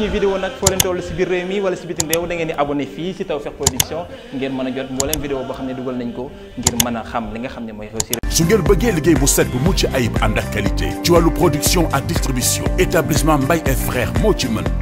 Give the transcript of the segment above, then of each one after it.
suñuy vidéo nag foo leen toll si biir réew mi wala si ngeen di si Tawfekh Production mën a jot mbooleem vidéo boo xam ne nañ ko ngir mën a xam li nga xam ne mooy réussir su ngeen bëggee liggéey bu set bu mucc ayib ànd ak qualité ci wàllu production ak distribution établissement Mbaye et frères moo ci mën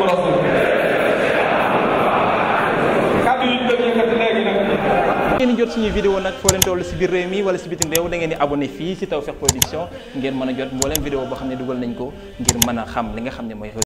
Muhammadu Rasul kàddu yi ñu doon yëkkati léegi nag. ngeen jot suñu vidéo nag foo leen toll si biir réew mi wala si bitim réew da ngeen di abonné fii si Tawfekh Production ngeen mën a jot mbooleem vidéo boo xam ne dugal nañ ko ngir mën a xam li nga xam ne mooy.